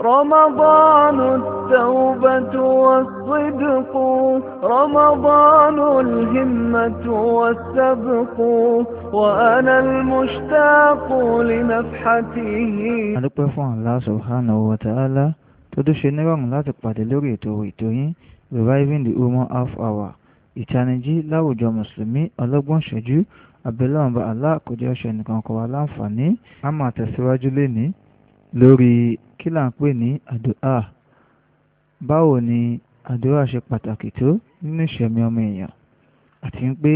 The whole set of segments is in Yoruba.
رمضان التوبة والصدق رمضان الهمة والسبق وأنا المشتاق لنفحته adúpẹ́ fún Allah subhanahu wa ta'ala tó dúṣe nírọ̀rùn láti pàdé lórí reviving the human half hour ìtanijí láwùjọ mùsùlùmí ọlọ́gbọ́n ṣẹ́jú abẹ́lẹ́wọ̀nba aláàkójọ ṣẹ̀nìkan kọ́ wa láǹfààní a máa tẹ̀síwájú lénìí lórí kí là ń pè ní àdúà báwo ni àdúà ṣe pàtàkì tó nínú ìṣẹ̀mí ọmọ èèyàn àti pé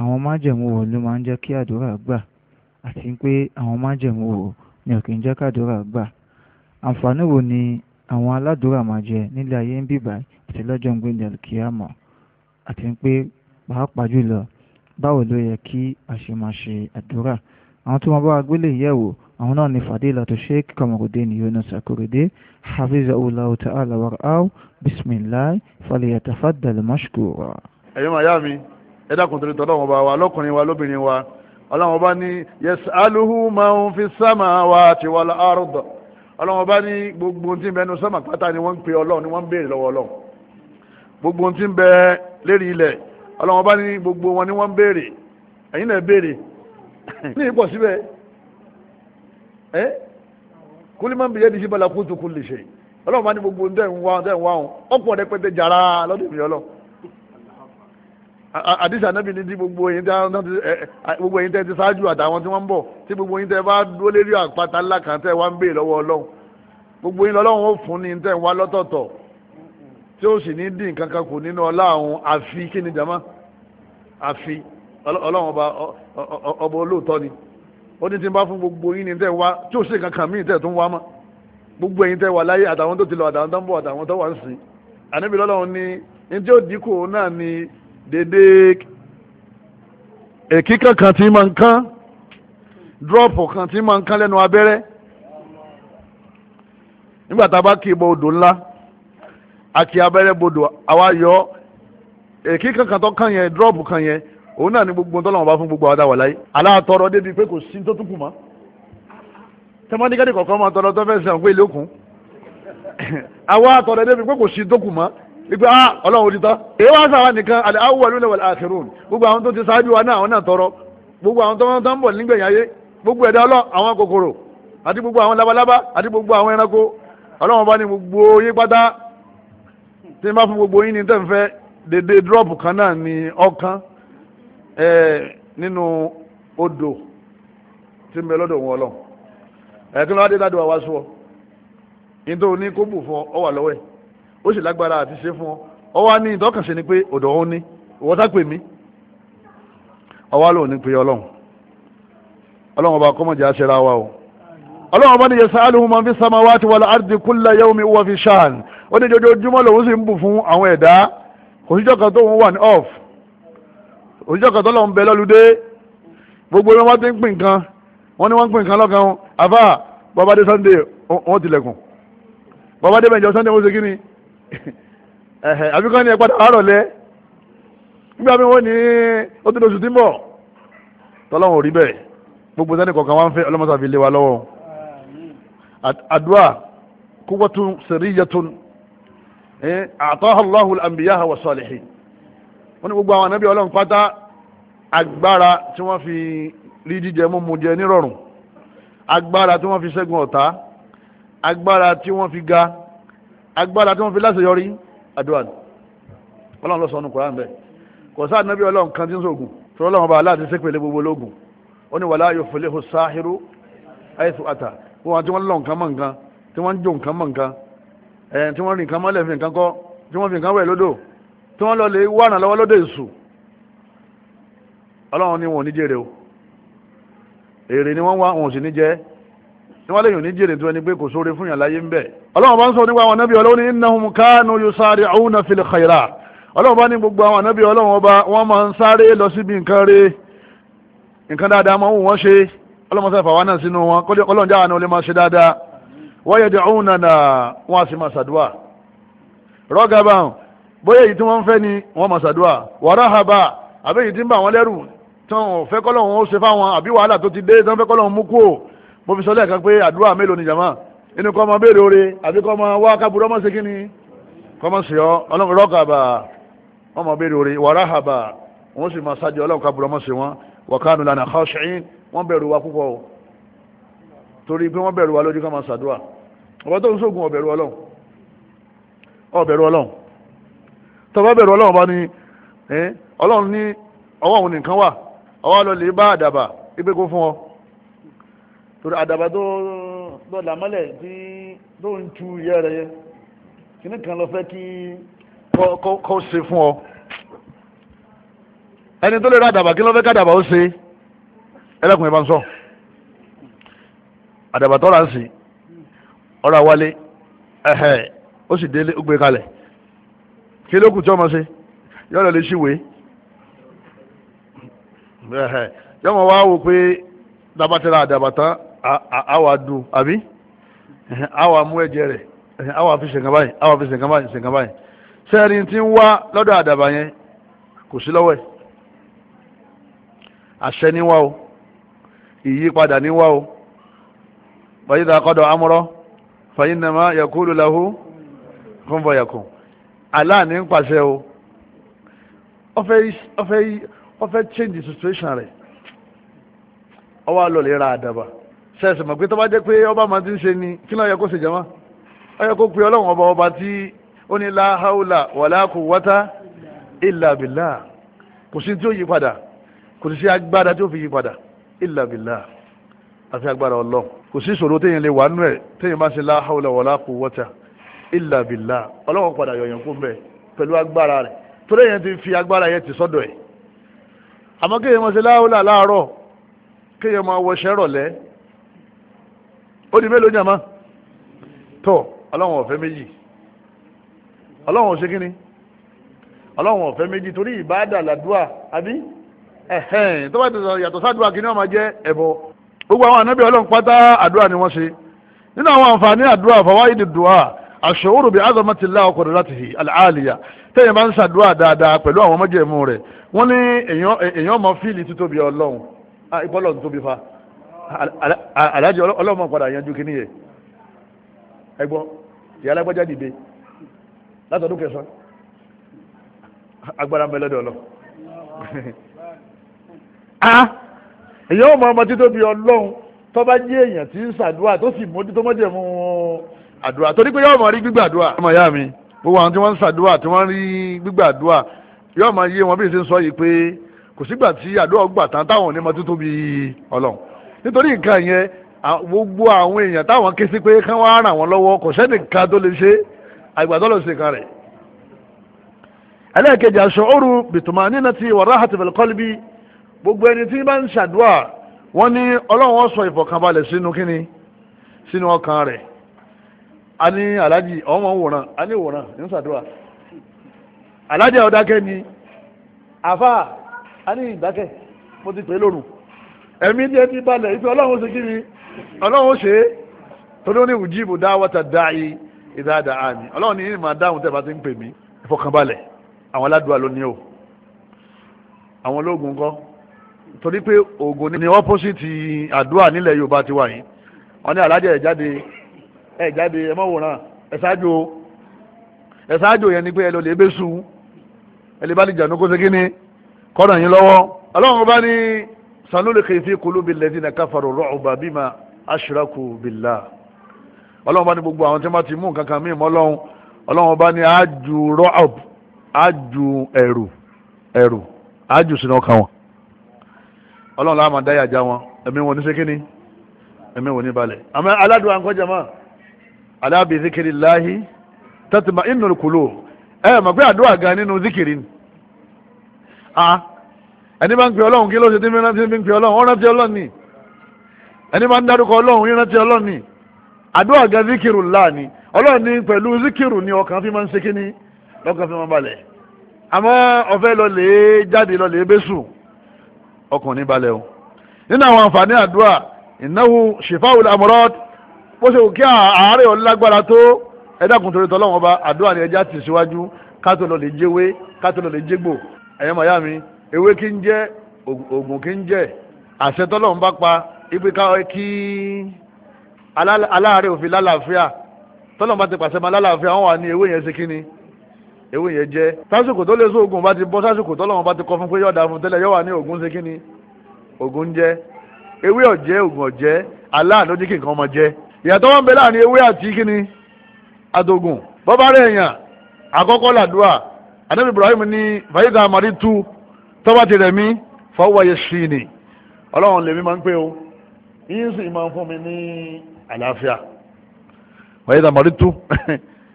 àwọn májẹ̀mú wo ló máa ń jẹ́ kí àdúrà gbà àti pé àwọn májẹ̀mú wo ni ò kì í jẹ́ kàdúrà gbà àǹfààní wo ni àwọn aládùúrà máa jẹ nílé ayé ń bìbà àti lọ́jọ́ ìgbélé kíámọ̀ àti pé pàápàá jùlọ báwo ló yẹ kí a ṣe máa ṣe àdúrà àwọn tó máa bá wa gbélé yẹ̀wò àwọn náà ni fadilatu sheikh kamarudin yunus akorede hafizahullahu ta'ala wara'aw bismillah falyatafaddal mashkura. ẹ̀yin màá yá mi ẹ dákun torí tọ́lọ́ bá wa lọ́kùnrin wa lóbìnrin wa ọlọ́wọ́n bá ní yasaluhu man fi samawati wal ard ọlọ́wọ́n bá ní gbogbo tí ń bẹ nu sámà pátá ni wọ́n ń pe ọlọ́run ni wọ́n ń béèrè lọ́wọ́ ọlọ́run gbogbo tí ń bẹ lérí ilẹ̀ ọlọ́wọ́n bá ní gbogbo wọn ni wọ́n ń béèrè ẹ̀yin náà béèrè ní ipò síbẹ̀ ẹ́ eh? kúlí máa ń bìyẹ́ dìṣí bala kútu kú lè ṣe ọlọ́run bá ní gbogbo ń dẹ́rùn wá dẹ́rùn wá ọ̀hún ọ̀pọ̀ rẹpẹtẹ jàrá lọ́dún mi ọlọ́ àdìsí ànábì ní ti gbogbo ẹ̀yin tẹ́ ti ṣáájú àtàwọn tí wọ́n ń bọ̀ tí gbogbo ẹ̀yin tẹ́ bá dúró lérí àpáta ńlá kan tẹ́ wá ń bèè lọ́wọ́ ọlọ́run gbogbo yín lọ́lọ́run ó fún ní tẹ́ ń wá lọ́tọ̀ọ̀tọ̀ tí ó sì ní dín nǹkan kan kù nínú ọlá àwọn àfi kí ni jama àfi ọlọ́run ọba olóòótọ́ ni. ó ní tí bá fún gbogbo yín ní tẹ́ wá tí ò sí kankan míì tẹ́ tó ń wá mọ́ gbogbo ẹ̀yin tẹ́ wá láyé àtàwọn tó ti lọ àtàwọn tó ń bọ̀ àtàwọn tó wà ń sìn ànábì lọ́lọ́run ní ní tí ó dínkù náà ni dédé èkí kankan tí máa ń kán dúrọ́ọ̀pù kan tí máa ń kán lẹ́nu abẹ́rẹ́ nígbà tá a bá kí ibò odò ńlá àti abẹ́rẹ́ bodò àwa yọ èkí kankan tó kàn yẹn dúrọ́ọ̀pù kan yẹn òun náà ni gbogbo tọ́lọ́wọ́n bá fún gbogbo àwọn àtàwọ̀ láyé aláàtọ̀rọ̀ débi pé kò sí tó tún kù mọ́ tẹmọ́nìkẹ́ni kọ̀ọ̀kan máa tọrọ tó fẹ́ sàn pé ilé òkun àwọn àtọ̀rọ̀ débi pé kò sí tó kù mọ́ wípé ah ọlọ́run ò ti tán èyí wá sáwà nìkan àlẹ́ awúwà ló lẹ́wọ̀ àkẹrùn gbogbo àwọn tó ti ṣáájú wa náà àwọn náà tọrọ gbogbo àwọn tó ń bọ̀ nígbẹ̀yìn ayé gbogbo ẹ̀dá ní nínú odò tí ń bẹ lọ́dọ̀ wọn lọ ẹ̀kí lọ́wọ́ adédádò wa wá sọ ní tó ní kó bù fún ọ wà lọ́wọ́ ẹ̀ ó sì lágbára àti ṣe fún ọ ọ wá ní ìdọ́kànṣe ni pé odò òun ní ìwọ́n sá pè mí ọwá lòun ní pé ọlọ́run ọlọ́run ọba kọ́mọ̀jẹ́ aṣẹ́ra wa o ọlọ́run ọba ní yẹ sáàlùmù máa fi samawati wal ardi kulla yawmi fi sha'an ó ní jojoojúmọ́ lòun sì ń bù fún àwọn ẹ̀dá kò síjọ́ kan tóun wà ní òṣìṣẹ́ kan tọ́lọ̀ ń bẹ lọ́lùdé gbogbo wọn ti ń pín nǹkan wọn ni wọ́n ń pín nǹkan lọ́kàn wọn àfà bàbá dé sunday wọn tilẹ̀kùn bàbá dé bẹ̀jọ sunday wọn ṣe kí ni àbíkan ni ẹ padà àárọ̀ lẹ nígbà mi wọ́n ní ó ti lóṣù tí ń bọ̀ tọ́lọ́run ò rí bẹ́ẹ̀ gbogbo sani kọ̀ọ̀kan wá fẹ́ ọlọ́mọsá fi lé wa lọ́wọ́ àdúrà quwwatun sirriyatun àtọ́hàlọ́hùn anbiya wa salihin wọ́n ní gbogbo àwọn ànábì ọlọ́run pátá agbára tí wọ́n fi rí jíjẹ múmu jẹ nírọ̀rùn agbára tí wọ́n fi ṣẹ́gun ọ̀tá agbára tí wọ́n fi ga agbára tí wọ́n fi láṣeyọrí àdúrà ọlọ́run ló sọ nínú Kùránì bẹ́ẹ̀ kò sáà ànábì ọlọ́run kan tí ń sògùn tó ọlọ́run bá aláàtí sépèlé gbogbo ológun ó ní wàlá yóò fòlé sáhírú àìsù àtà wọn àti wọn lọ tí wọ́n lọ lè wá ìrànlọ́wọ́ lóde èṣù ọlọ́run ni wọn ò ní jèrè o èrè ni wọ́n wá wọn ò sì ní jẹ́ ni wọ́n léyìn ní jèrè tó ẹni pé kò sóore fún yàn láyé ń bẹ̀. ọlọ́run bá ń sọ nípa àwọn anábì ọlọ́run ní innahum kanu yusari'una fil khairat ọlọ́run bá ní gbogbo àwọn anábì ọlọ́run ọba wọ́n máa ń sáré lọ síbi nǹkan rẹ̀ nǹkan dáadáa máa ń wù wọ́n ṣe ọlọ́run sáfà wà náà sínú wọn ọlọ́run jáwà náà lè máa ṣe dáadáa wa yad'unana wọ́n á sì máa ṣàdúrà rọ́gàbà bóyá èyí tí wọ́n ń fẹ́ ni wọ́n máa ṣàdúrà wàrà haba àbẹ́ èyí tí ń bà wọ́n lẹ́rù tán fẹ́ kọ́lọ́hún ó ṣe fáwọn àbí wàhálà tó ti dé tán fẹ́ kọ́lọ́hún mú kú mo fi sọ lẹ́ẹ̀kan pé àdúrà mélòó ni jàmá inú kọ́ ọmọ béèrè oore àbí kọ́ ọmọ wá kábùrọ́ mọ́ sí kíni kọ́ ọmọ sí ọ ọlọ́run rọ́kàbà wọ́n mọ̀ béèrè oore wàrà haba wọ́n sì máa ṣáájú ọlọ́run kábùrọ́ mọ́ sí wọn wàkánu lànà khashi'in wọ́n bẹ̀rù wa púpọ̀ o torí pé wọ́n bẹ̀rù wa lójú ká máa ṣàdúrà ọ̀bẹ tó ń sógun ọ̀bẹ̀rù ọlọ́run ọ̀bẹ̀rù ọlọ́run tọ́ba bẹ̀rù ọlọ́run bá ní ọlọ́run ní ọwọ́ òun nìkan wà ọwọ́ lọ lè bá àdàbà ipe kó fún ọ torí àdàbà tó lọ́la mọ́lẹ̀ tí tó ń tu ìyá rẹ̀ yẹ kíní kan lọ fẹ́ kí kọ́ ṣe fún ọ ẹni tó lè ra àdàbà kí ló fẹ́ kádàbà ó ṣe ẹlẹ́kùn ìbá ń sọ àdàbà tọ́ra ń sìn ọ̀rọ̀ àwálé ẹ̀hẹ̀ ó sì délé ó gbé kalẹ̀ kí ló kù tí ọmọ ṣe yọ̀rọ̀ lè ṣíwèé yọmọ wa wò pé dabatẹ́ra àdàbàtà àwà dùn àbí àwà mú ẹ̀jẹ̀ rẹ̀ àwà fi ṣèǹkan báyìí àwà fi ṣèǹkan báyìí ṣèǹkan báyìí sẹ́ẹ̀rì tí ń wá lọ́dọ̀ àdàbà yẹn kò sí lọ́wọ́ ẹ̀ àṣẹ ni wá o ìyípadà ni wá o fàyídà kọ́dọ̀ amúrọ́ fàyínàmá yakulu lahu kún fọ yakun. aláàní ń pàṣẹ o ó fẹ́ change situation rẹ̀ ó wá lọ lè ra àdàbà ṣẹ̀ṣẹ̀ mọ̀ pé bá jẹ́ pé ọba máa ti ń ni kí ló yẹ kó ṣe jama yẹ kó pe ọlọ́run ọba ọba tí ó ní la haula wala quwwata wata billah kò sí tí ó yí padà kò sí agbára tí ó fi yí padà agbára ọlọ́run kò sí ìṣòro téèyàn lè wà nú ẹ̀ la haula wata. illa billah ọlọ́wọ́n padà yọ̀yàn fún bẹ́ẹ̀ pẹ̀lú agbára rẹ̀ torí èèyàn ti fi agbára yẹn ti sọ́dọ̀ ẹ̀ àmọ́ kéèyàn máa ṣe láhùlà láàárọ̀ kéèyàn máa wọṣẹ́ rọ̀lẹ́ ó di mélòó jàmá tó ọlọ́wọ́n ọ̀fẹ́ méjì ọlọ́wọ́n ṣe kíni ọlọ́wọ́n ọ̀fẹ́ méjì torí ìbáàdà làdúà àbí ẹ̀hẹ́n tó bá ti sọ yàtọ̀ sádùá kí ni wọ́n máa jẹ́ ẹbọ gbogbo àwọn ànábì ọlọ́run pátá àdúrà ni wọ́n ṣe nínú àwọn àǹfààní àdúrà fọwọ́ ìdìdùà àṣòwòrò bíi azamati láwọn kò rírà tìhì àlàáliya tẹ́yìn bá ń ṣàdúrà dáadáa pẹ̀lú àwọn ọmọjẹ̀mú rẹ̀ wọ́n ní èèyàn mọ fíìlì títóbi ọlọ́run ìbọ́lọ̀ nítóbi fa aláàjì ọlọ́run padà yanjú kí nìyẹn ẹgbọ́n ìyá alágbájá dìde látọdún kẹsàn agbára mẹlẹ́dẹ̀ ọlọ́ èèyàn mọ ọmọ títóbi ọlọ́run tó bá jẹ́ èèyàn tí ń ṣàdúrà tó sì mójútó mọ́jẹ̀mú àdúrà torí pé yóò máa rí gbígbàdúrà. ọmọ ìyá mi gbogbo àwọn tí wọ́n ń ṣàdúrà tí wọ́n rí gbígbàdúrà yóò máa yé wọn bí ìṣe ń sọ yìí pé kò sígbà tí àdúrà gbà tán táwọn ò ní mọ tó tóbi Ọlọ́run nítorí nǹkan yẹn gbogbo àwọn èèyàn táwọn ké sí pé kán wá ràn wọ́n lọ́wọ́ kò sẹ́nìkan tó lè ṣe àgbàdo lọ sí kan rẹ̀ ẹlẹ́ẹ̀kejì aṣọ sínú ọkàn rẹ̀ a ní alájì ọmọ wòran a ní wòran ní sàdúrà alájì ọ̀dákẹ́ ni àfà a ní ìdákẹ́ mo ti pè lórùn ẹ̀mí díẹ̀ ti balẹ̀ ife ọlọ́run ṣe kí ni ọlọ́run ṣe é torí ó ní ìwùjíìbù dá wọ́ta dá i ìdáadáa àmì ọlọ́run ní ìmọ̀ dáhùn tẹ̀ bá ti ń pè mí ìfọkànbalẹ̀ àwọn aládùúgbò ló ní o àwọn ológun kọ́ torí pé òògùn ni opposite àdúrà nílẹ̀ Yorùbá ti wà yìí wọ́n ní alájẹ̀ jáde ẹ jáde ẹ mọ wòran ẹ ṣáájú o ẹ ṣáájú yẹn ni pé ẹ lọ lè bẹ sùn bá lè jànú kó ṣe kíni kọ́nà yín lọ́wọ́ ọlọ́run bá ní sanulqi fi qulubi alladhina kafaru ru'ba bima ashraku billah ọlọ́run bá ní gbogbo àwọn tí wọ́n ti mú nǹkan kan mí mọ́ ọlọ́run ọlọ́run bá ní ájú rọ́ọ̀b ájú ẹ̀rù ẹ̀rù ájú sínú ọkàn wọn ọlọ́run láàmà dáyàjá wọn ẹ̀mí wọn ní sékíní ẹ̀mí wọn ní balẹ̀ àmọ́ aládùn àǹkọ́jàmọ́ ala bi zikirillahi tatma'innul qulub ẹ mọ̀ pé àdúrà gan nínú zikiri ni ẹni bá ń pè ọlọ́run kí ló ṣe tí mìíràn ti ń pè ọlọ́run ó rántí ọlọ́run ni ẹni bá ń dárúkọ ọlọ́run yín rántí ọlọ́run ni àdúrà gan zikiru ńlá ni ọlọ́run ni pẹ̀lú zikiru ni ọkàn fi máa ń ṣe kíní lọ́kàn fi máa ń balẹ̀ àmọ́ ọ̀fẹ́ lọ lè jáde lọ lè bẹ́sù ọkàn ní balẹ̀ o nínú àwọn àǹfààní àdúrà innahu shifa'ul amrad bó ṣe kò kí àárẹ̀ ọlágbára tó ẹ̀dàkùn torí tọ́lọ́wọ́n ọba àdúrà ni ẹja ti síwájú kátó lọ lè jẹ́wé kátó lọ lè jẹ́gbò ẹ̀yẹ́ màyá mi ewé kí ń jẹ́ oògùn kí ń jẹ́ àṣẹ tọ́lọ́wọ́n bá pa ipe kí aláàárẹ̀ òfin lálàáfíà tọ́lọ́wọ́n bá ti pàṣẹ máa lálàáfíà wọ́n wà ní ewé yẹn ṣe kíni ewé yẹn jẹ́ sásìkò tó lè so oògùn bá ti bọ́ sásìkò tọ́lọ́wọ́n bá ti kọ fún pé yọ̀ọ̀dà fún tẹ́lẹ̀ yọ̀ wà ní oògùn ṣe kíni oògùn jẹ́ ewé ọ̀jẹ́ oògùn ọ̀jẹ́ aláàánú kí nǹkan ọmọ jẹ́ ìyàtọ̀ wọn bẹ láàrin ewé àti kíni adogun bọ́bá rẹ̀ èèyàn àkọ́kọ́ làdúrà anabi ibrahim ní fàyídà àmàrí tu tọ́ba ti rẹ̀ mí fọwọ́ yẹ sí ni ọlọ́run lèmi máa ń pè o yín sì máa ń fún mi ní àlàáfíà fàyídà àmàrí tu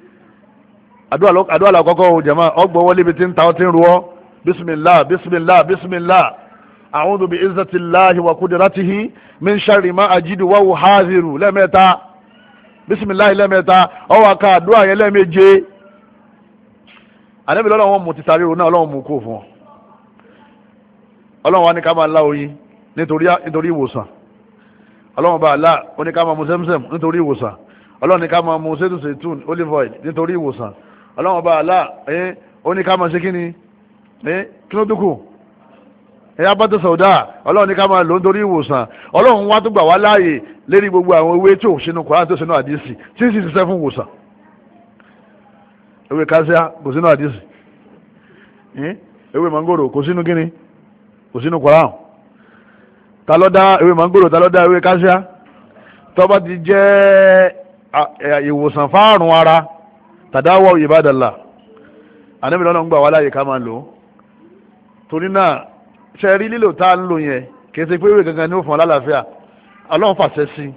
àdúrà àdúrà làkọ́kọ́ o jẹ̀mọ́ ọgbọ̀n wọlé ibi tí ń ta ọtí ń ru ọ bísímìlá bísímìlá bísímìlá a'udhu bi izzatillahi wa qudratihi min sharri ma ajidu wa uhadhiru lẹ́mẹ́ta bisimilahi lẹ́mẹ́ta ọwọ́ aka àdúrà yẹn lẹ́mẹ́je àdébìlẹ́ ọlọ́run mú ti sáré ro náà ọlọ́run mú kó fún ọ ọlọ́run wa ní ká máa lá oyin nítorí ìwòsàn ọlọ́run bá àlá ó ní ká máa mu sẹ́mùsẹ́m nítorí ìwòsàn ọlọ́run ní ká máa mu sẹ́tù sẹ́tùn olive oil nítorí ìwòsàn ọlọ́run bá àlá eh, ó ní ká máa ṣe kí ni eh, kí ló dúkù ẹ̀yà bàtà sọ̀dá ọlọ́run ní ká máa lò nítorí ìwòsàn ọlọ́run wá tó gbà wá láàyè lérí gbogbo àwọn ewé tí ò sínú Kùránì tó sínú àdìsí tí sì ṣiṣẹ́ fún ìwòsàn ewé kásíá kò sínú àdìsí hm? ewé mangoro kò sínú gíní kò sínú Kùránì ta ló dá ewé mangoro ta ló dá ewé kásíá tó bá ti jẹ́ ìwòsàn fáàrùn ara tàdáwọ̀ ìbádàlà àníbi lọ́nà ń gbà wá láàyè ká máa lò torí náà ṣe rí lílò tá a ń lò yẹn kì í ṣe pé ìwé gangan ni ó fún ọ lálàáfíà ọlọ́run fàṣẹ sí i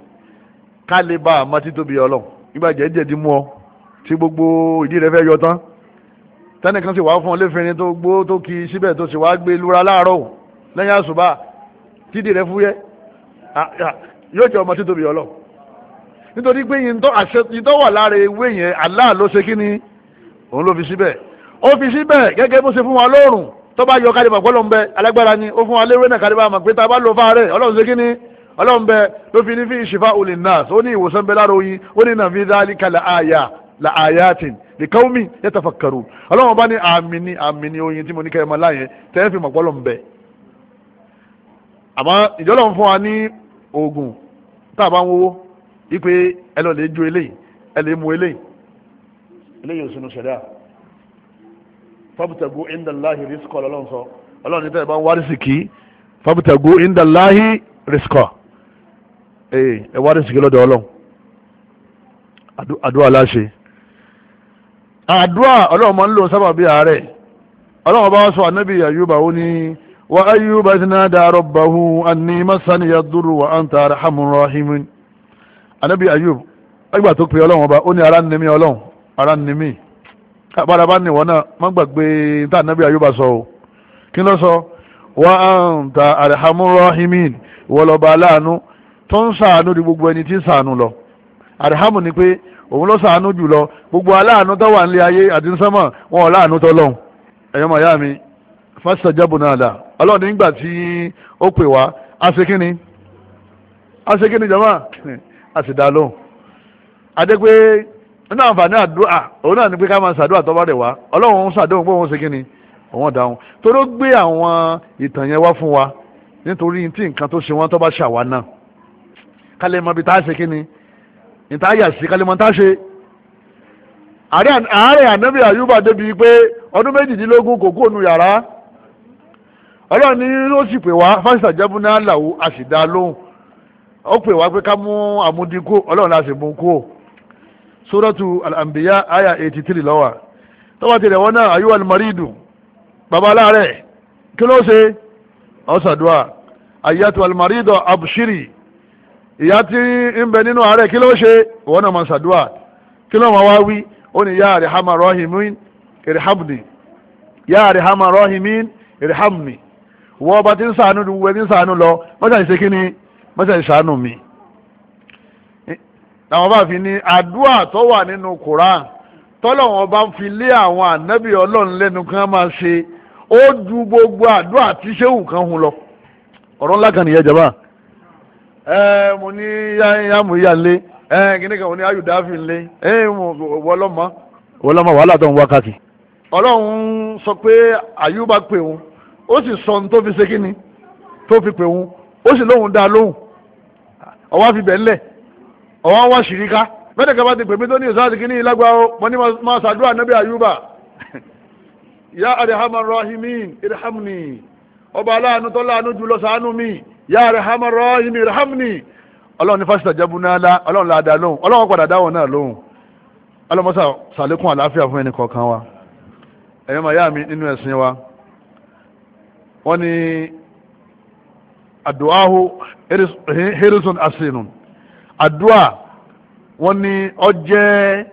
ká lè bá a mọ títóbi ọlọ́run nígbà jẹ́jẹ̀dí mú ọ tí gbogbo ìdí rẹ fẹ́ yọ tán tẹ́nìkan sì wá fún ọ léfinrin tó gbó tó kí síbẹ̀ tó sì wá gbé lura láàárọ̀ lẹ́yìn àṣùbà tídì rẹ fúyẹ́ yóò jẹ́ ọmọ títóbi ọlọ́run nítorí pé yìí wà lára ewé yẹn Allah ló ṣe kí ni òun ló fi síbẹ̀ ó fi síbẹ̀ gẹ́gẹ́ bó ṣe fún wa lóòrùn tó bá yọ kálíbà pọ́lọ́ ń bẹ alágbára ni ó fún wa léwé náà kálíbà àmọ́ pé tá a bá lò fáà rẹ̀ ọlọ́run ṣe kíni ọlọ́run ló fi ní fi ìṣìfà olè náà ó ní ìwòsàn bẹ lára oyin ó ní nàfi dálíkà la àyà la àyàtìn lè káwọ́mì yẹ tafa kàrú ọlọ́run bá ní àmì ní àmì ní oyin tí mo ní kẹ́yẹ̀mọ́ láyẹn tẹ́ fi mọ̀ pọ́lọ́ ń bẹ àmọ́ fún wa ní oògùn tá a bá ń wowó wípé ẹ lọ lè ju eléyìí ẹ lè mu eléyìí eléyìí ò fabtagu indallahi risko ọlọ́run sọ ọlọ́run ní tẹ́lẹ̀ bá ń wá rísìkì fabtagu indallahi risko ee ẹ wá rísìkì lọ́dọ̀ ọlọ́run àdúrà láṣẹ àdúrà ọlọ́run máa ń lò sábà bí àárẹ̀ ọlọ́run bá sọ ànábì àyùbá ó ní wa ayyuba nada rabbahu anni masani yadurru wa anta arhamur rahimin ànábì àyùbá ẹgbà tó pe ọlọ́run ọba ó ní ara ń nimí ara ń àbárabá ni ìwọ náà má gbàgbé tá ànábì ayúbà sọ o kí ló sọ wa anta arhamu rahimin ìwọ lọ́ba aláàánú tó ń sàánú di gbogbo ẹni tí ń sàánú lọ arhamu ni pé òun ló sàánú jù lọ gbogbo aláàánú tó wà nílé ayé àti nsọ́mọ̀ wọn ò láàánú tó lọ́hùn ẹ̀yọ́ màyá mi fásitì jábù náà dà ọlọ́ọ̀ni nígbà tí ó pè wá a ṣe kí ni a ni jama a sì nínú àǹfààní àdúrà òun náà ni pé ká máa ṣàdúrà tó bá rẹ̀ wá ọlọ́run ń ṣàdéhùn pé òun ṣe kíni òun dáhùn torí ó gbé àwọn ìtàn yẹn wá fún wa nítorí tí nǹkan tó ṣe wọ́n tó bá ṣàwa náà kálẹ̀ mọ́ bí tá a ṣe kíni ìta yà sí kálẹ̀ mọ́ tá a ṣe àárẹ̀ ànábì àyùbá débi pé ọdún méjìdínlógún kò kú ònu yàrá ọlọ́run ní ló sì pè wá fásitì àjẹbù náà làwọ̀ àṣìdá lóhùn ó pè wá pé ká mú àmúdínkù ọlọ́run láti mú kú ò suratu al-anbiya aya 83 lawa. tọ́wọ́ ti rẹ̀ wọ́n náà ayúwà al-maridu baba aláàrẹ̀ kí ló ṣe ọ̀sàdùà ayatu al-maridu abushiri ìyá tí ń bẹ nínú àárẹ̀ kí ló ṣe wọ́n náà mọ̀ ṣàdùà kí ya arihama rahimin irhamni ya arihama rahimin irhamni wọ́n bá ti ń sànú wẹ́ ti ń sànú lọ mọ́ṣáì ni mọ́ṣáì ṣàánú mi làwọn bá fi ní àdúrà tó wà nínú Quran tọ́lọ́wọ́n bá fi lé àwọn ànábì ọlọ́run lẹ́nu kan máa ṣe ó ju gbogbo àdúrà tí sẹ́wù kan hun lọ ọ̀rọ̀ ńlá kan nìyẹn jàmbá ẹ mo ní yàmù yàlé ẹ kíní kan mo ní ayùdáfì ńlé ẹ wọlọ́mọ wọlọ́mọ wàhálà tó ń wá káàkiri. ọlọ́run sọ pé àyùbá pè òun ó sì sọ ohun tó fi ṣe kíni tó fi pè òun ó sì lóhun dá lóhùn ọwọ́ fi bẹ̀ ńlẹ̀ ọ̀wọ́n shirika ṣìríká gaba kẹfà ti pèmí tó ní ìsáàtì kí ní ìlágbà ayuba máa ya arihamar rahimin irhamni ọba aláàánú tó láàánú jù lọ mi ya arihamar rahimi irhamni ọlọ́run ní fásitì àjẹbù náà la ọlọ́run láàdá lóhùn ọlọ́run padà dáwọ̀ náà ọlọ́mọsà sàlékún fún ẹnì kọ̀ọ̀kan wa ẹ̀yọ́ màá yá mi nínú ẹ̀sìn wa wọ́n Adua wọ́n ní ọjẹ́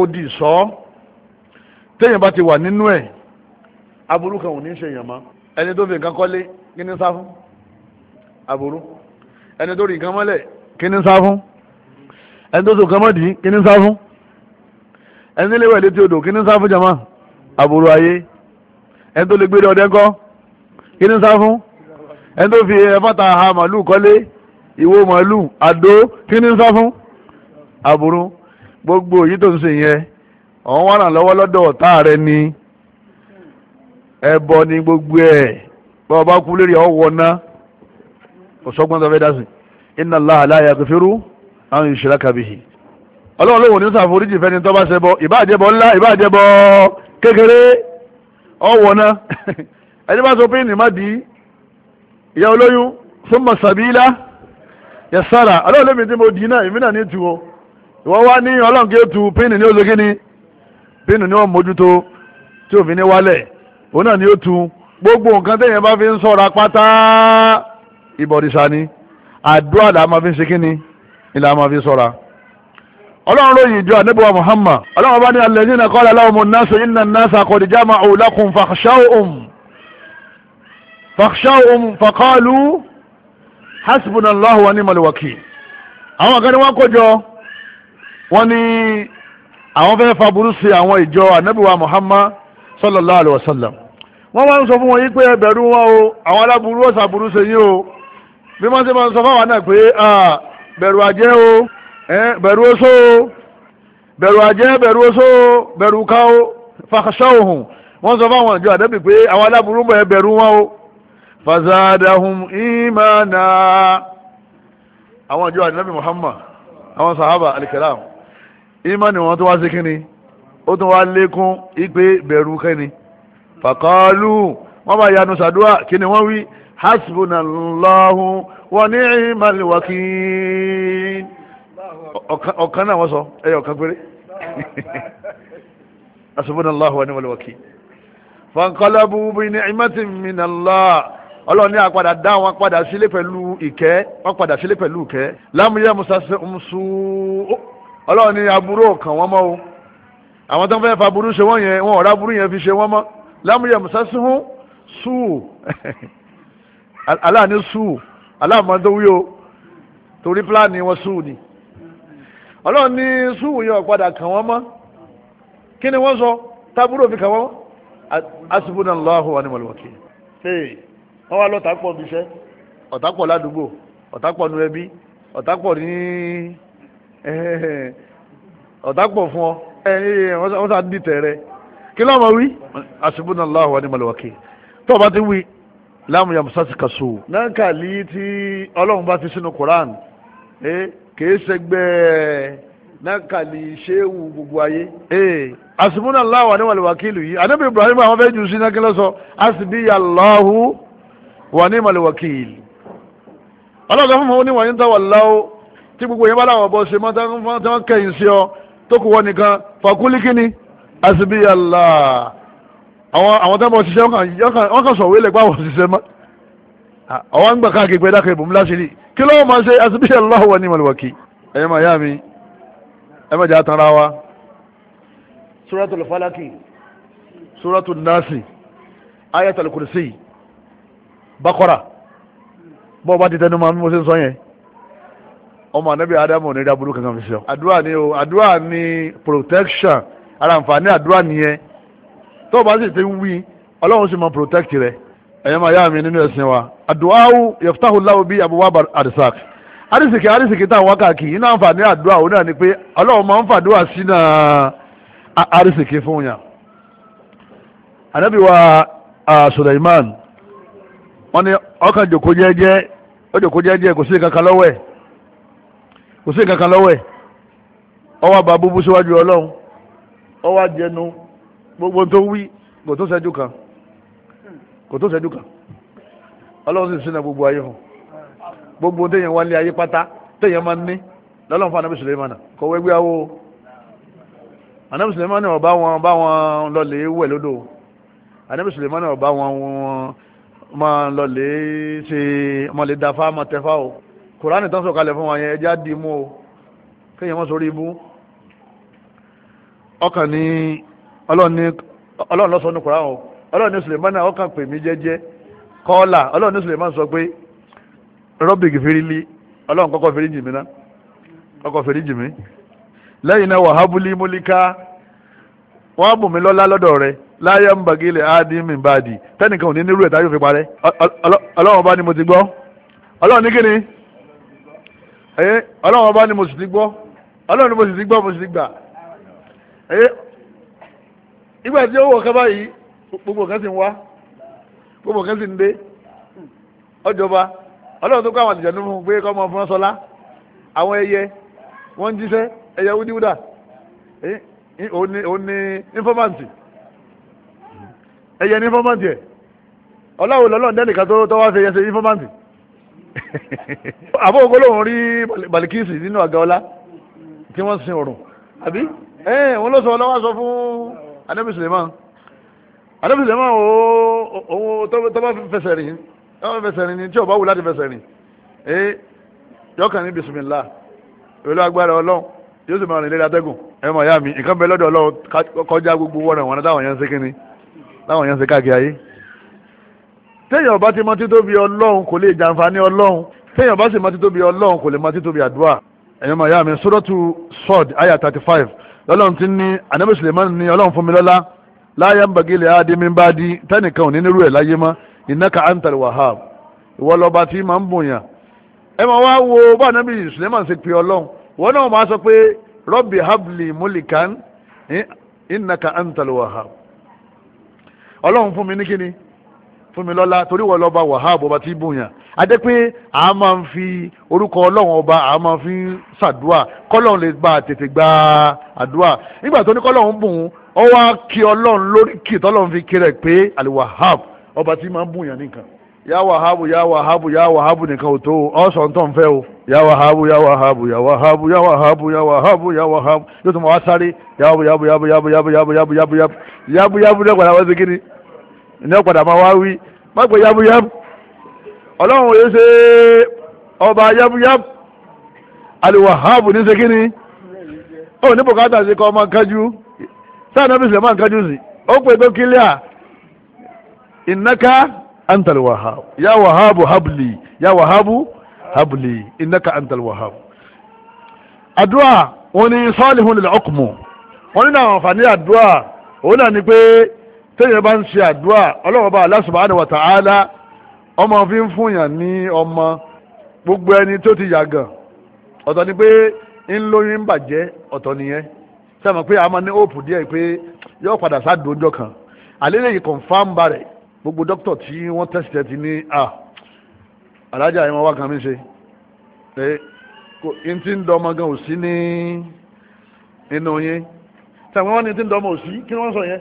odi sọ téèyàn bá ti wà nínú ẹ̀ aburú kan ò ní ṣe èèyàn mọ́ ẹni tó fi nǹkan kọ́lé kí ni sá fún aburú ẹni tó rí nǹkan mọ́lẹ̀ kí ni sá fún ẹni tó so nǹkan mọ́dì kí ni sá fún ẹni nílé wẹ̀ létí odò kí ni sá fún jama aburú ayé ẹni tó lè gbé ọdẹ ńkọ́ kí ni sá fún ẹni tó fi ẹfọ́ta ha màlúù kọ́lé ìwo màálù àdó kí ni ń sá fún aburú gbogbo èyí tó ń ṣe yẹn ọ̀hún wà ràn lọ́wọ́ lọ́dọ̀ ọ̀tá rẹ ni ẹbọ ni gbogbo ẹ̀ bọ́ọ̀ bá kú lérí ọ̀wọ́ ná ọ̀sọ́gbọ́n tó fẹ́ dá sí inna Allaha la yaghfiru an yushraka bihi ọlọ́run lóhùn ní sàforíjì fẹ́ni tó bá ṣẹbọ ìbáàjẹbọ ńlá ìbáàjẹbọ kékeré ọ̀wọ́ ná ẹni bá sọ pé ìnìmá di ìyá olóyún summa sabila yẹsàrà ọlọ́run lèmi tí mo dì náà èmi náà ní tu o ìwọ wá ní ọlọ́run kí ó tu pínnì ní oṣù kínní pínnì ní wọn mójútó tí òfin ní wálẹ̀ òun náà ní ó tu gbogbo nǹkan téèyàn bá fi ń sọ̀ra pátá ìbọ̀rìṣà ni àdúrà là máa fi ń ṣe kínní ìlà máa fi sọ̀ra ọlọ́run ròyìn ìjọ àdébùwà Muhammad ọlọ́run bá ní alladhina qala lahumu nnasu inna nnasa qad jama'u lakum fakhshawhum fakhshawhum faqalu hasbunallahu wa ni'mal wakil àwọn kan ní wọ́n kójọ wọ́n ní àwọn fẹ́ faburú sí àwọn ìjọ anabiwa muhammad sallallahu alaihi wa sallam wọ́n wá ń sọ fún wọn yí pé ẹbẹ̀rún wọn o àwọn aláburú ọ̀sà burú ṣe yín o bí wọ́n ṣe máa ń sọ fáwọn náà pé bẹ̀rù àjẹ́ o bẹ̀rù oṣó o bẹ̀rù àjẹ́ bẹ̀rù oṣó o bẹ̀rù ká o fàṣọ òhun wọ́n sọ fáwọn ìjọ àdẹ́bì pé àwọn aláburú bẹ̀rù wọn o fazadahum imana àwọn àjọ ànábì muhammad àwọn sahaba alikalam imani wọn tó wá sí kíni ó tún wá lékún ipe beru kẹ́ni fàkọ́lù wọ́n ba yanu sàdúrà kíni wọ́n wí hasbunallahu wa ni'mal wakil ọ̀kan náà wọ́n sọ ẹ̀yọ̀ ọ̀kan péré hasbunallahu wa ni'mal wakil fanqalabu bi ni'matin Allah ọlọ́run ní àpadà dá wọn padà sílé pẹ̀lú ìkẹ́ wọn padà sílé pẹ̀lú ìkẹ́ lámúyẹ́ musu um, ọlọ́run ní aburú ọ̀kan wọn mọ́ o àwọn tó ń fẹ́ fa burú ṣe wọ́n yẹn wọn ọ̀rá burú yẹn fi ṣe wọ́n mọ́ lámúyẹ́ musasuhun sùn aláàánú sùn aláàmọ́dọ́wúyò torí pílánì wọn sùn ni ọlọ́run ní sùn yẹn ọ̀padà kàn wọ́n mọ́ kí ni wọ́n sọ tábúrò fi kàn wọ́n mọ́ asibúdàn lọ́hùn wa ni mọ̀lúwọ̀kì wọ́n wá lọ́tà pọ̀ bí iṣẹ́ ọ̀tá pọ̀ ládùúgbò ọ̀tá pọ̀ nu ẹbí ọ̀tá pọ̀ ní ọ̀tá pọ̀ fún ọ wọ́n sá dìtẹ̀ rẹ kí ló máa wí hasbunallahu wa ni'mal wakil tó o bá ti wí láàmú yàmù sásì kàṣù. náà kàlí tí ọlọ́run bá ti sínú Quran kìí ṣẹgbẹ́ náà kàlí ṣéwù gbogbo ayé. hasbunallahu wa ni'mal wakil yìí ànábì Ibrahim àwọn fẹ́ẹ́ jù sí náà kí ló sọ hasbiyallahu wà ní ìmọ̀lẹ̀ wọ̀kìl ọlọ́dọ̀ fún wọn ní wọ̀nyí ń tàwà láwọ́ tí gbogbo yẹn bá láwọn bọ́ ṣe mọ́tán kẹ́yìn sí ọ tó kù wọ́n nìkan fàkúlì kíni àṣìbí àlá àwọn tẹ́bọ̀ ṣiṣẹ́ wọ́n kàn sọ̀wé lẹ̀ pàwọ̀ ṣiṣẹ́ mọ́ àwọn ń gbà káàkiri pé dákẹ́ ìbùmú láṣìírí kí ló máa ṣe àṣìbí àlá ní ìmọ̀lẹ̀ wọ̀kìl ẹ̀yẹ́ màá yá mi ẹ má jẹ́ nasi ayatul kursi bakora bọ́ ọba ti tẹnu ma bí mo ṣe ń sọ yẹn ọmọ anabi adamu ní dábúrú kankan fi sọ àdúrà ni o àdúrà ni protection ara nfààní àdúrà nìyẹn tó o bá sì ti ń wí ọlọ́run sì máa protect rẹ ẹ̀yẹ́ máa yá mi nínú ẹ̀sìn wa àdúrà yaftahu Allahu bí abwaba àdìsák àdìsìkì àdìsìkì tá à ń wá káàkiri iná nfààní àdúrà òun náà ni pé ọlọ́run máa ń fàdúrà sí náà àdìsìkì fún yàn anabi wa Suleiman wọ́n ní ọkàn jòkó jẹ́jẹ́ ó jòkó jẹ́jẹ́ kò sí kankan lọ́wọ́ ẹ̀ kò sí kankan lọ́wọ́ ẹ̀ ọwọ́ bá búbú síwájú ọlọ́run ọwọ́ jẹnu gbogbo tó wí kò tó ṣẹ́jú kan kò tó ṣẹ́jú kan ọlọ́run sì ń sínú gbogbo ayé fún gbogbo téèyàn wá lé ayé pátá téèyàn máa ní lọ́lọ́run fún anábì Sùlẹ́mánà kò wẹ́gbẹ́ awo anábì Sùlẹ́mánà ọba wọn bá wọn lọlé wẹ̀ lódò anábì Sùlẹ́mánà ọba wọn wọn ma lọ le ṣe máa le dafa máa tẹfá o kùránì tán sọ̀kalẹ̀ fún wa yẹn ẹja dì mú o kéèyàn mọ́ sórí ibú ọkàn ní ọlọ́run lọ́sọ̀ọ́nù kùránì o ọlọ́run Suleiman ọkàn pè mí jẹ́jẹ́ kọ́ọ́là ọlọ́run Suleiman sọ pé rọ́bì kọ́kọ́ ná wọ́n á bùn mí lọ́lá lọ́dọ̀ rẹ láyé ń bàgílẹ̀ ádìmí bàdì tẹ́nìkan ò ní nírú ẹ̀ táyọ̀ fi parẹ́ ọlọ́run ọba ni mo ti gbọ́ ọlọ́run ní kíni ọlọ́run ọba ni mo sì ti gbọ́ ọlọ́run ni mo sì ti gbọ́ mo sì ti gbà ìgbà tí ó wọ̀ ká báyìí gbogbo kan sì ń wá gbogbo kan sì ń dé ọjọba ọlọ́run tó kọ́ àwọn àtìjọ́ nínú pé kọ́ ọmọ fún ọ sọlá àwọn ẹyẹ wọ́n ń jíṣẹ́ ẹyẹ wúdiwúdà ó ní informant ẹyẹ ní informant yẹ ọláwo lọ́lọ́ dẹ́nìkan tó tọ́wọ́ fi ẹyẹ ṣe informant àbọ̀ ògbólóhùn rí balikisi nínú àga ọlá tí wọ́n sin ọ̀rùn àbí ẹ̀ wọ́n ló sọ ọlọ́wọ́ sọ fún anabi suleman anabi suleman o òun tó bá fẹsẹ̀ rìn tó bá fẹsẹ̀ rìn ni tí o bá wù láti fẹsẹ̀ rìn ẹ yọkàn ní bisimilá pẹ̀lú agbára ọlọ́run yóò sì máa rìn lérí atẹ́gùn ẹ mọ̀ ya mi nǹkan bẹ lọ́dọ̀ ọlọ́run kọjá gbogbo wọ́n wọn táwọn yẹn ń ṣe kínní táwọn yẹn ń ṣe káàkiri ayé téèyàn bá ti mọ títóbi ọlọ́run kò lè jàǹfààní ọlọ́run téèyàn bá sì mọ títóbi ọlọ́run kò lè mọ títóbi àdúrà ẹ̀yọ́ mọ̀ ya mi sọ́dọ̀tù sọ́ọ̀d àyà thirty five lọ́lọ́run ti ní anabi suleiman ní ọlọ́run fún mi lọ́lá láyà ń bàgẹ́lẹ̀ áádé mi bá di tẹ́nìkan ò ní nírú ẹ̀ láyé mọ́ ìnáka antal wahab ìwọ lọ́ba tí wọn náà máa sọ pé rọ́bì habli mulikan innaka antal wahab ọlọ́run fún mi ní kíni fún mi lọ́lá torí wọ́n lọ́ba wahab ọba tí bùnyàn adé pé a máa ń fi orúkọ ọlọ́run ọba a máa fi ń ṣàdúà kọ́lọ́run lè gba tètè gba àdúà nígbà tó ní kọ́lọ́run bùn ọ wá kí ọlọ́run lórí kì tọ́lọ́run fi kí rẹ̀ pé al wahab ọba tí máa ń bùnyàn nìkan ya wahabu ya wahabu ya wahabu nìkan ò tó o ọsàn tó ń o ya wahabu ya wahabu ya wahabu ya wahabu ya wahabu ya wahabu yóò tún mọ wá ya yabu yabu yabu ya yabu ya yabu ya ya ya yabu ya ọ̀padà ya ya ya ní ya máa ya ya ya pé ya yabu ya ya ya ọba ya yabu ya ya ya kíni ya ya ya ya ya ya ya ya ya أنت الوهاب يا وهاب هبلي يا وهاب هبلي إنك أنت الوهاب àdúrà wọn ni sọ́ọ̀lìhùn lè ọkùnmù wọn nínú àwọn àǹfààní àdúrà òun náà ni pé téèyàn bá ń ṣe àdúrà ọlọ́wọ́ bá ta'ala ọmọ fi ń fúnyàn ọmọ gbogbo ẹni tó ti yàgàn ọ̀tọ̀ ni pé ń lóyún ń bàjẹ́ ọ̀tọ̀ nìyẹn sẹ́wọ̀n pé a máa ní òòpù díẹ̀ pé yóò padà sáà dójọ́ kan àlélẹ́yìn kọ̀ǹfàmù bá rẹ̀ gbogbo dókítà tí wọ́n tẹ̀sítẹ̀ ti ní à alájà yẹn wá kan mi ṣe ẹ kò n ti ń dọmọ gan òsì ní inú yín tàbí wọ́n ní ti ń dọmọ òsì kí ni wọ́n sọ yẹn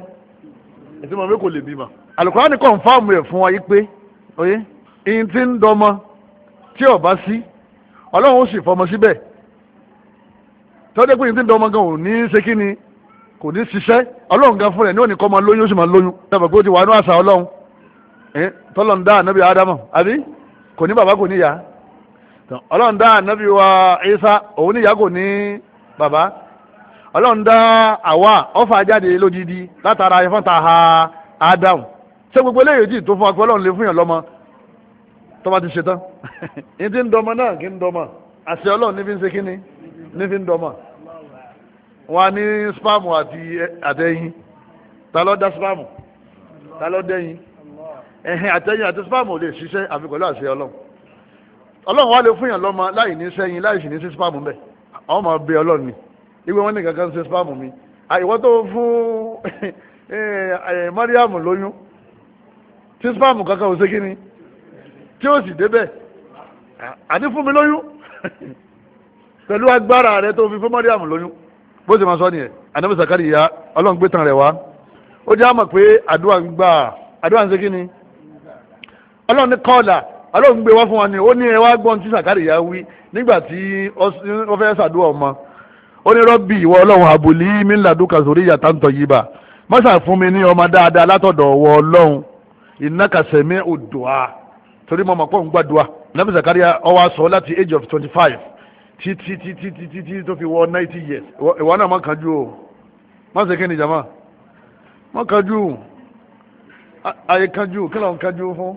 ètò ìmọ̀ mi kò lè bímọ. àlùkòrán ni kọ̀ǹfàmù ẹ̀ fún wa yí pé oyé n ti ń dọmọ tí ò sí ọlọ́run ó sì fọmọ síbẹ̀ tọ́jú pé n ti ń dọmọ gan ò ní ṣe kí ni kò ní ṣiṣẹ́ ọlọ́run gan fúnra ẹ̀ ní òní kọ́ máa lóyún ó sì máa lóyún. Eh, tọ́lọ́n dá ànábì ádámù àbí kò ní bàbá kò ní ìyá ọlọ́run dá ànábì wa Ìsá òun ní ìyá kò ní bàbá ọlọ́run dá àwa ọ̀fà jáde lójijì látara ẹ̀fọ́n ta ha ádámù ṣé gbogbo eléyìí tí tó fún akọ ọlọ́run lè fún yàn lọ́mọ tó bá ti ṣe tán ní ti ń dọmọ náà kí ń dọmọ àṣẹ ọlọ́run ní fi ń ṣe kí ni ní fi ń dọmọ wọn ní spam àti àtẹyin ta ló dá spam ta ló dẹyin ẹ̀hìn àtẹ̀yìn àti spam ò lè ṣiṣẹ́ àfi pẹ̀lú àṣẹ ọlọ́run ọlọ́run wá lè fún yàn lọ́mọ láì ní sẹ́yìn láì sì ní sí spam bẹ́ẹ̀ àwọn máa bẹ ọlọ́run ni ìwé wọn ní kankan ṣe spam mi àìwọ́ tó fún Mariam lóyún tí spam kankan ò ṣe kí ni tí ó sì débẹ̀ àti fún mi lóyún pẹ̀lú agbára rẹ tó fi fún Mariam lóyún bó ṣe máa sọ nìyẹn ànábì Zakariya ọlọ́run gbé tán rẹ̀ wá ó jẹ́ àmọ̀ pé àdúrà ń gbà àdúrà ń ṣe kí ni ọlọ́run ní kọ́ọ̀là ọlọ́run gbé wá fún wa ni ó ní ẹ wá gbọ́n tí Sàkárìyà wí nígbà tí ó fẹ́ ṣàdúrà ọmọ ó ní rọ́bì ìwọ ọlọ́run àbòlí mi ń làdúkà sórí ìyàtà ń tọ́ yìí bà má ṣàfún mi ní ọmọ dáadáa látọ̀dọ̀ ọwọ́ ọlọ́run ìnákàsẹ̀mí òdùà torí mo mọ̀ pọ̀ ń gbàdúà nàbí Sàkárìyà ó wá sọ láti age of twenty five títí títí títí títí tó fi wọ ninety years ìwọ náà má kánjú o má ṣe kí ni jàmá má kánjú àyè kánjú kí ló ń kánjú fún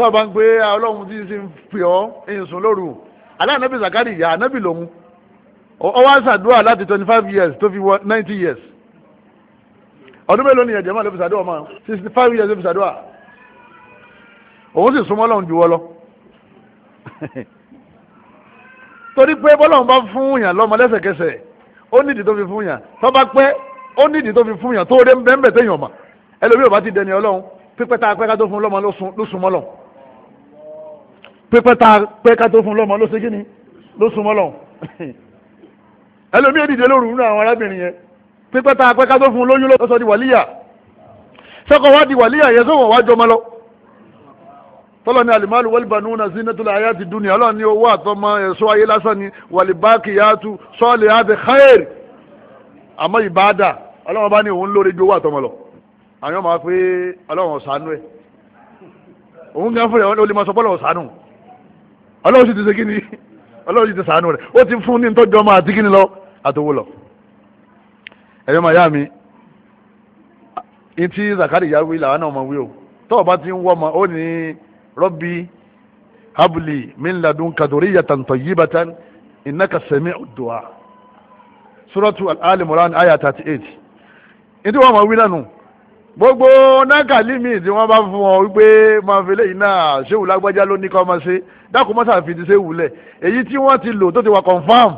tó o bá ń gbé ọlọ́run tí ń pè ọ́ ìsùn lóru aláàánábì zakari ìyá ànábì lòun ọ wá ṣàdúrà láti twenty five years tó fi wọ ninety years ọdún mélòó ni ẹ̀jẹ̀ máa lè fi ṣàdúrà máa sixty five years lè fi ṣàdúrà òun sì súnmọ́ ọlọ́run jù wọ́ lọ torí pé bọ́lọ́run bá fún yàn lọ́mọ lẹ́sẹ̀kẹsẹ̀ ó nídìí tó fi fún yàn tó bá pẹ́ ó nídìí tó fi fún yàn tó rẹ bẹ́ẹ̀ bẹ́ẹ̀ téèyàn mọ̀ ẹlòmíràn bá ti dẹni ọlọ́run pípẹ́ tá a pẹ́ ká tó fún lọ́mọ ló sún mọ́ pẹ́pẹ́ ta pẹ́ká tó fún lọ́mọ ló ṣe kíni ló súnmọ́ lọ ẹlòmíì dìde lóru nínú àwọn arábìnrin yẹn pẹ́pẹ́ ta pẹ́ká tó fún lóyún ló sọ di wàlíyà sọ́kọ̀ wá di yẹn sọ́wọ́ wá jọmọ lọ tọ́lọ̀ ní alimalu walibanú na zinatul hayati dunya ọlọ́run ní owó àtọmọ ẹ̀ṣọ́ ayé lásán ni wàlíbáàkì yàtú sọ́ọ̀lì àti khair àmọ́ ìbáàdà ọlọ́run bá ní òun lórí ju owó àtọmọ lọ àwọn ọmọ pé ọlọ́run ọ̀sánú ẹ̀ òun gan fúnra ó lè máa sọ bọ́lọ̀ ọ̀sánú ọlọ́run sì ti ṣe kíni ọlọ́run sì ti sàánú rẹ̀ ó ti fún ní tọ́jú ọmọ àti kíni lọ àtòwò lọ. ẹ̀yọ́ màyá mi ìtì zakari yá wí làwọn náà wí o tọ́wọ́ bá ti ń wọ́ ọmọ ó ní rọ́bì habli min ladun kaduriyatan tayyibatan innaka sami'u du'a suratu al-ali imran aya 38 ìdí wọn wí lánàá gbogbo nákàlí mi tí wọ́n bá fún ọ wípé máa fi léyìn náà ṣéwù lágbájá ló ní kọ́ máa ṣe dákun mọ́sà fi ti ṣéwù lẹ̀ èyí tí wọ́n ti lò tó ti wà confam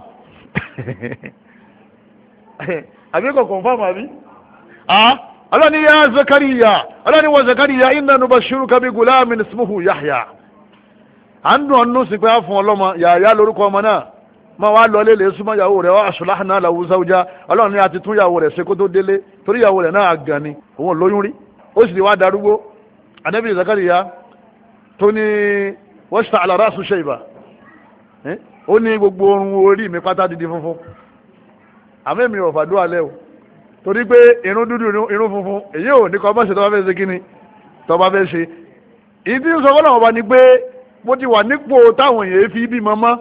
àbí kò confam àbí ọlọ́ni yá zakariya ọlọ́ni wọ zakariya inna nubashiruka bi gulamin ismuhu yahya à ń dùn ọ́nú sí pé á fún ọlọ́mọ yàyà lórúkọ ọmọ náà ma wá lọ lé lè súnmọ́ ìyàwó rẹ̀ wá aṣọ láhàná làwùzáwùjá ọlọ́run ni tún ìyàwó rẹ̀ ṣe délé torí ìyàwó rẹ̀ náà gan òun lóyún rí ó sì ti wá darúgbó anabi zakariya tó ní wọ́n ṣe àlàrà àṣùṣe ìbà ó ní gbogbo orun orí mi pátá didi funfun àmì mi ò fàdúrà lẹ́ o torí pé irun dúdú irun funfun èyí ò ní kọ́ bá ṣe tó bá ṣe kíni tó bá ṣe èyí tí ń sọ fọ́nà ọba ni pé mo ti wà nípò táwọn èèyàn fi bí mọ́mọ́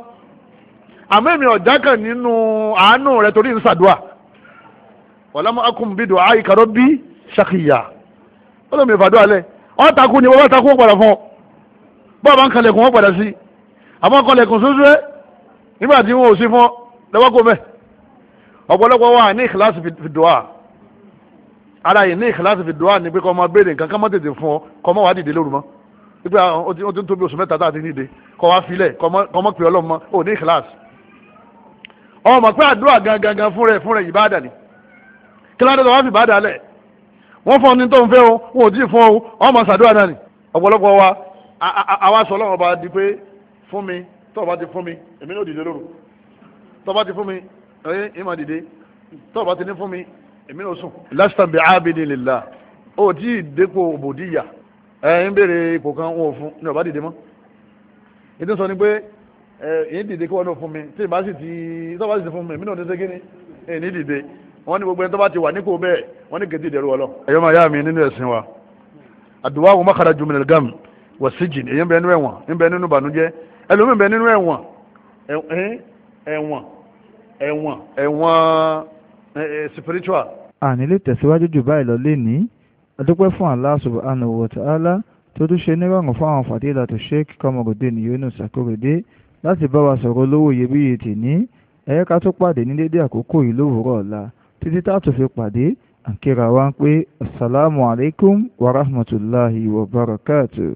àmì mi ọ̀já kan nínú àánú rẹ torí ń ṣàdúà wàlámù akùnbídò àìkàrọ̀ bíi ṣàkìyà ó lóun ìfàdó alẹ́ ọ́ takú ni wọ́n takú padà fún ọ bọ́ọ̀ bá ń kalẹ̀kùn wọ́n padà sí àmọ́ kalẹ̀kùn sósúré nígbà tí wọ́n ò sí fún ọ lọ́wọ́ kó bẹ́ẹ̀ ọ̀pọ̀lọpọ̀ ní ìkìláàsì fìdùà ara yìí ní ìkìláàsì fìdùà ni pé kọ́ ọmọ béèrè nǹkan ká má tètè fún ọ kọ́ ọmọ wàá dìde lóru mọ́ pípẹ́ ó ti ń tóbi oṣù mẹ́ta tá a ti ní ìdè kọ́ wá filẹ̀ kọ́ ọmọ pè ọlọ́mọ ò ní ìkìláàsì ọmọ pé àdúrà gangan fún rẹ̀ fún rẹ̀ ìbáàdà ni kí ládọ́ wá fi ìbáàdà lẹ̀ wọ́n fún ọ ní tó ń fẹ́ o wọn ò tí ì fún ọ ọmọ sàdúrà náà ni ọ̀pọ̀lọpọ̀ wa àwa sọ ọlọ́run ọba di pé fún mi tó ti fún mi èmi náà dìde lóru tó bá ti fún mi ẹ̀yìn ìmọ̀ dìde tó ti ní fún mi èmi náà sùn. lásìtàn bí ábìdì lìlá ó tí ì dépò òbòdìyà ẹ ń béèrè ipò kan wọn ò fún ní ọba dìde mọ́ ètò sọ ni pé ẹ̀yìn dìde kí wọ́n náà ti tó kí ni ẹ̀yìn wọ́n ní wọ́n ní gẹ̀dí ìdẹ̀rù ọlọ́. ẹ̀yọ́ máa yá mi nínú ẹ̀sìn wa àdùwá wo mákàrà ju minal gam wọ síjìn èyí ń bẹ nínú ẹ̀wọ̀n ń bẹ nínú ìbànújẹ́ ẹlòmíì ń bẹ nínú ẹ̀wọ̀n ẹ̀wọ̀n ẹ̀wọ̀n ẹ̀wọ̀n spiritual. àní lè tẹ̀síwájú jù báyìí lọ lénìí adúpẹ́ fún Allah subhanahu wa ta'ala tó tún ṣe nírọ̀rùn fún àwọn fàdílàtò Sheikh Kamarudeen Yunus Akorede láti bá wa sọ̀rọ̀ lówó iyebíye tèní ẹ̀yẹ́ká tó pàdé ní dédé àkókò yìí lówùúrọ̀ ọ̀la títí tá a tó fi pàdé àkírà wa pé asalaamualeykum wa rahmatulahi wa barakatuh.